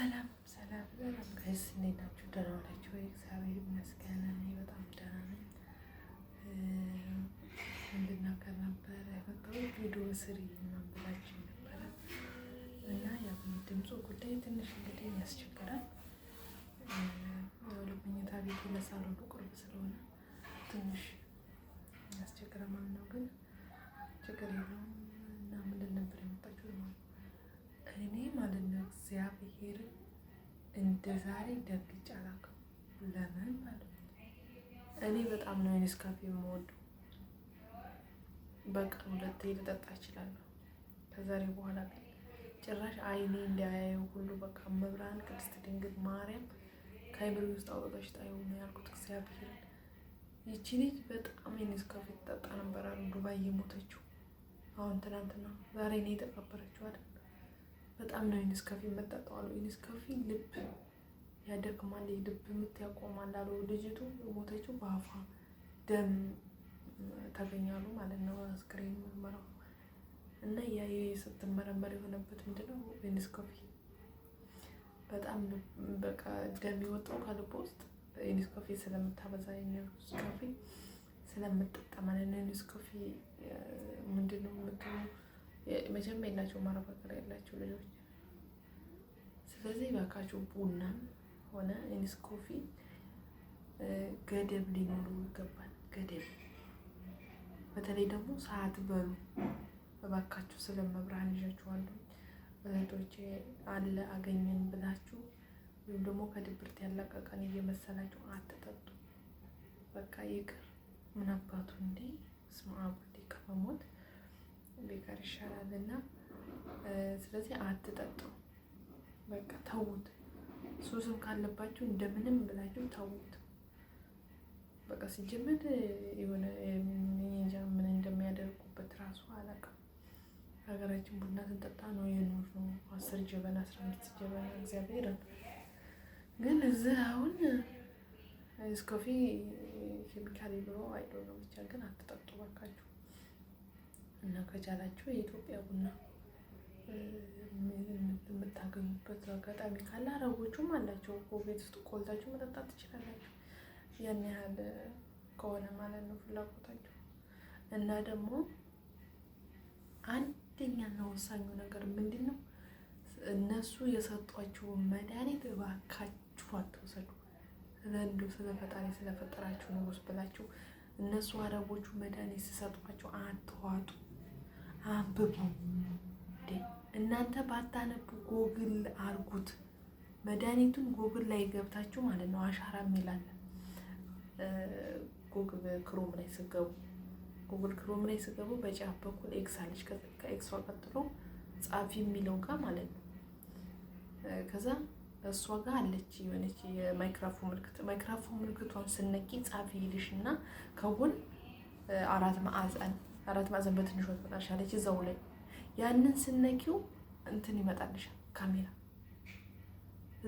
ሰላም ሰላም ሰላም ጋይስ እንዴት ናችሁ? ደህና ናችሁ ወይ? እግዚአብሔር ይመስገን እኔ በጣም ደህና ነኝ። እንድናገር ነበረ በቃ ቪዲዮ ስሪ ምናምን ብላችሁ ነበረ እና ያው ድምፁ ጉዳይ ትንሽ እንግዲህ ያስቸግራል። ለመኝታ ቤቱ ለሳሎኑ ቅርብ ስለሆነ ትንሽ ያስቸግራል ማለት ነው፣ ግን ችግር የለውም እንደ ዛሬ ደንግጬ አላውቅም። ለምን ማለት እኔ በጣም ነው ኔስካፌ የምወደው። በቀን ሁለቴ ልጠጣ እችላለሁ። ከዛሬ በኋላ ግን ጭራሽ አይኔ እንዳያየው ሁሉ በቃ መብራን ቅድስት ድንግል ማርያም ከአይምሮ ውስጥ አውጥተሽ ጣይው ነው ያልኩት። እግዚአብሔር ይቺ ልጅ በጣም የኔስካፌ ትጠጣ ነበር አሉ ዱባይ የሞተችው አሁን ትናንትና ዛሬ እኔ የተቀበረችው አይደል? በጣም ነው ኢንስካፊ መጠጠዋሉ። ኢንስካፊ ልብ ያደክማል፣ የልብ ምት ያቆማል አሉ። ልጅቱ የሞተችው በአፏ ደም ተገኛሉ ማለት ነው። አስክሬን ምርመራው እና ያ ስትመረመር የሆነበት ምንድነው ኢንዶስኮፒ በጣም በቃ ደም የወጣው ከልብ ውስጥ ኢንዶስኮፒ ስለምታበዛ ኢንዶስኮፒ ስለምጠቀመ ኢንዶስኮፒ ምንድነው የምትሉ መጀመሪያ የላቸው ማረፋፈር ያላቸው ልጆች። ስለዚህ እባካችሁ ቡና ሆነ የኔስኮፊ ገደብ ሊኖሩ ይገባል። ገደብ በተለይ ደግሞ ሰዓት በሉ እባካችሁ ስለ መብርሃን ይዣችኋለሁ። እህቶቼ አለ አገኘን ብላችሁ ወይም ደግሞ ከድብርት ያላቀቀን እየመሰላችሁ አትጠጡ። በቃ ይቅር። ምን አባቱ እንዴ ስማ አባቴ ከመሞት ቢቀር ይሻላል እና ስለዚህ አትጠጡ። በቃ ተዉት። ሱስም ካለባችሁ እንደምንም ብላችሁ ታውት። በቃ ሲጀመር የሆነ ሜጃ ምን እንደሚያደርጉበት ራሱ አላውቅም። ሀገራችን ቡና ስንጠጣ ነው የኖር ነው አስር ጀበና አስራ አምስት ጀበና እግዚአብሔር ግን እዚህ አሁን እስከፊ ኬሚካል ብሎ አይዶ ነው ብቻ ግን አትጠጡ ባካችሁ። እና ከቻላችሁ የኢትዮጵያ ቡና ያላችሁበት አጋጣሚ ካለ አረቦቹም አላቸው እኮ ቤት ውስጥ ቆልታችሁ መጠጣት ትችላላችሁ። ያን ያህል ከሆነ ማለት ነው ፍላጎታችሁ እና ደግሞ አንደኛና ወሳኙ ነገር ምንድን ነው? እነሱ የሰጧችሁን መድኃኒት እባካችሁ አትወሰዱ። ዘንዱ ስለ ፈጣሪ ስለፈጠራችሁ ንጉስ ብላችሁ እነሱ አረቦቹ መድኃኒት ሲሰጧችሁ አትዋጡ፣ አንብቡ። እናንተ ባታነቡ ጎግል አርጉት። መድኃኒቱን ጎግል ላይ ገብታችሁ ማለት ነው። አሻራ የሚላለ ጎግል ክሮም ላይ ስገቡ ጉግል ክሮም ላይ ስገቡ በጫፍ በኩል ኤክስ አለች። ከኤክሷ ቀጥሎ ጻፊ የሚለው ጋር ማለት ነው። ከዛ እሷ ጋር አለች የሆነች የማይክራፎን ምልክት። ማይክራፎን ምልክቷን ስነቂ ጻፊ ይልሽ እና ከጎን አራት ማዕዘን አራት ማዕዘን በትንሿ ትመጣልሻለች እዛው ላይ ያንን ስነኪው እንትን ይመጣልሻል ካሜራ።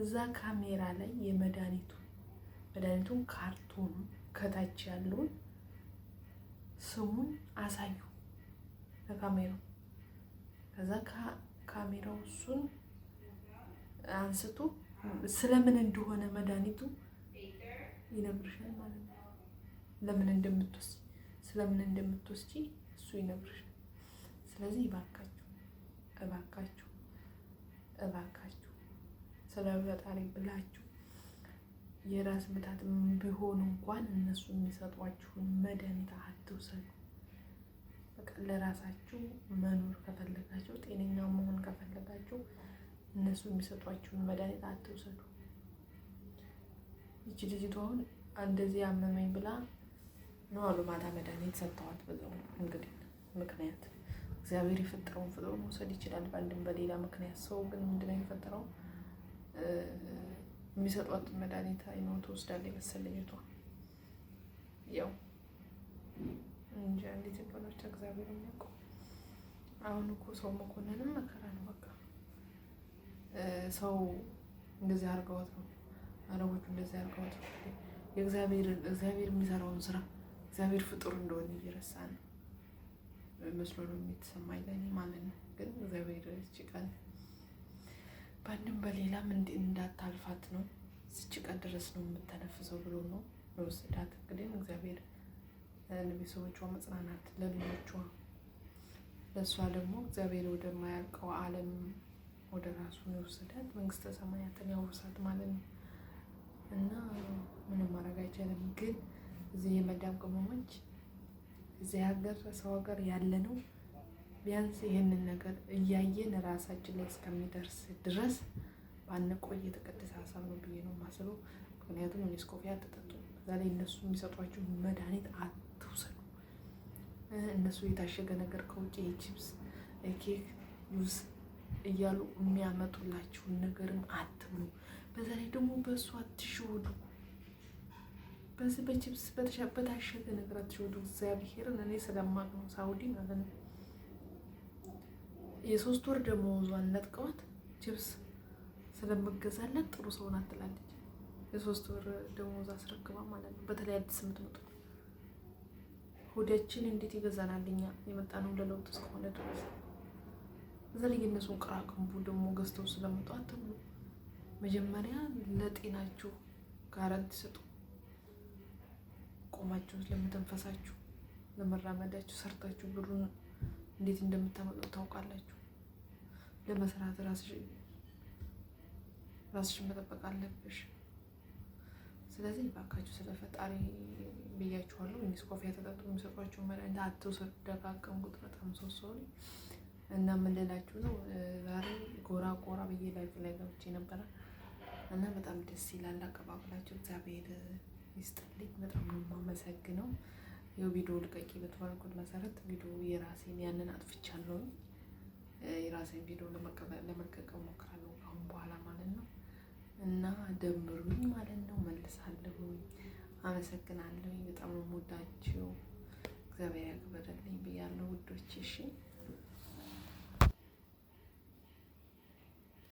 እዛ ካሜራ ላይ የመድኃኒቱን መድኃኒቱን ካርቶኑ ከታች ያለውን ስሙን አሳዩ ለካሜራው። ከዛ ካሜራው እሱን አንስቶ ስለምን እንደሆነ መድኃኒቱ ይነግርሻል ማለት ነው። ለምን እንደምትወስጂ ስለምን እንደምትወስጂ እሱ ይነግርሻል። ስለዚህ ይባካችሁ እባካችሁ እባካችሁ ስለ ፈጣሪ ብላችሁ የራስ ምታት ቢሆን እንኳን እነሱ የሚሰጧችሁን መድኃኒት አትውሰዱ። በቃ ለራሳችሁ መኖር ከፈለጋችሁ፣ ጤነኛ መሆን ከፈለጋችሁ እነሱ የሚሰጧችሁን መድኃኒት አትውሰዱ። ይቺ ልጅቷ አሁን እንደዚህ አመመኝ ብላ ነው አሉ ማታ መድኃኒት ሰጥተዋት ብለው እንግዲህ ምክንያት እግዚአብሔር የፈጠረውን ፍጥሮ መውሰድ ይችላል በአንድም በሌላ ምክንያት። ሰው ግን ምንድነው የፈጠረው? የሚሰጧትን መድኃኒት አይኖ ትወስዳለች የመሰለኝ እህቷ ያው እንጂ አንድ ኢትዮጵያኖች እግዚአብሔር የሚያውቀው አሁን እኮ ሰው መኮንንም መከራ ነው። በቃ ሰው እንደዚህ አድርገዋት ነው፣ አረቦቹ እንደዚህ አድርገዋት ነው። የእግዚአብሔር እግዚአብሔር የሚሰራውን ስራ እግዚአብሔር ፍጡር እንደሆነ እየረሳ ነው። መስሎ ነው የተሰማኝ ለእኔ ማለት ነው። ግን እግዚአብሔር እች ቀን በአንድም በሌላም እንዳታልፋት ነው እስች ቀን ድረስ ነው የምተነፍሰው ብሎ ነው የወሰዳት። እንግዲህ እግዚአብሔር ለቤተሰቦቿ መጽናናት፣ ለልጆቿ ለእሷ ደግሞ እግዚአብሔር ወደማያልቀው ዓለም ወደ ራሱ የወሰዳት መንግስተ ሰማያትን ያውርሳት ማለት ነው እና ምንም ማድረግ አይቻልም። ግን እዚህ የመዳም ቅመሞች እዚህ ሀገር ሰው ሀገር ያለ ነው። ቢያንስ ይህንን ነገር እያየን ራሳችን ላይ እስከሚደርስ ድረስ ባንቆይ የተቀደሰ ሀሳብ ነው ብዬ ነው የማስበው። ምክንያቱም እኔስ ኮፊ አትጠጡ፣ እዛ ላይ እነሱ የሚሰጧቸው መድኃኒት አትውሰዱ። እነሱ የታሸገ ነገር ከውጭ የቺፕስ ኬክ ዩዝ እያሉ የሚያመጡላችሁን ነገርም አትብሉ። በዛ ላይ ደግሞ በእሱ አትሸወዱ። በዚህ በችፕስ በታሸገ ነገር አትሸወዱ። እግዚአብሔርን እኔ ስለማቅ ነው ሳውዲ ማለት ነው። የሶስት ወር ደመወዟን ነጥቀዋት ችፕስ ስለምገዛላት ጥሩ ሰው ናት ትላለች። የሶስት ወር ደመወዝ አስረክባ ማለት ነው። በተለይ አዲስ የምትመጡ ሆዳችን እንዴት ይገዛናል? እኛ የመጣነው ለለውጥ እስከሆነ ድረስ እዛ ላይ የእነሱን ቅራቅንቡ ደግሞ ገዝተው ስለመጡ አትብሉ። መጀመሪያ ለጤናችሁ ጋራንቲ ስጡ። ለቆማችሁ፣ ለመተንፈሳችሁ፣ ለመራመዳችሁ ሰርታችሁ ብሩን እንዴት እንደምታመጡት ታውቃላችሁ። ለመስራት ራስሽን መጠበቅ አለብሽ። ስለዚህ ባካችሁ ስለ ፈጣሪ ብያችኋለሁ። እኔስ ኮፊያ ተጠጡ የሚሰጧቸው መድኃኒት አትውሰዱ። ደጋገምኩት በጣም ሰው ሰው እና የምንላችሁ ነው። ዛሬ ጎራ ጎራ ብዬ ላይፍ ላይ ገብቼ ነበረ እና በጣም ደስ ይላል አቀባበላቸው እግዚአብሔር ይስጥልኝ። በጣም ነው የማመሰግነው። ቪዲዮ ልቀቂ በተባልኩት መሰረት ቪዲዮ የራሴን ያንን አጥፍቻለሁኝ። የራሴን ቪዲዮ ለመልቀቅ እሞክራለሁ ከአሁን በኋላ ማለት ነው እና ደምሩኝ ማለት ነው መልሳለሁኝ። አመሰግናለሁኝ። በጣም ነው የምወዳችሁ። እግዚአብሔር ያክብርልኝ ብያለሁ ውዶች። እሺ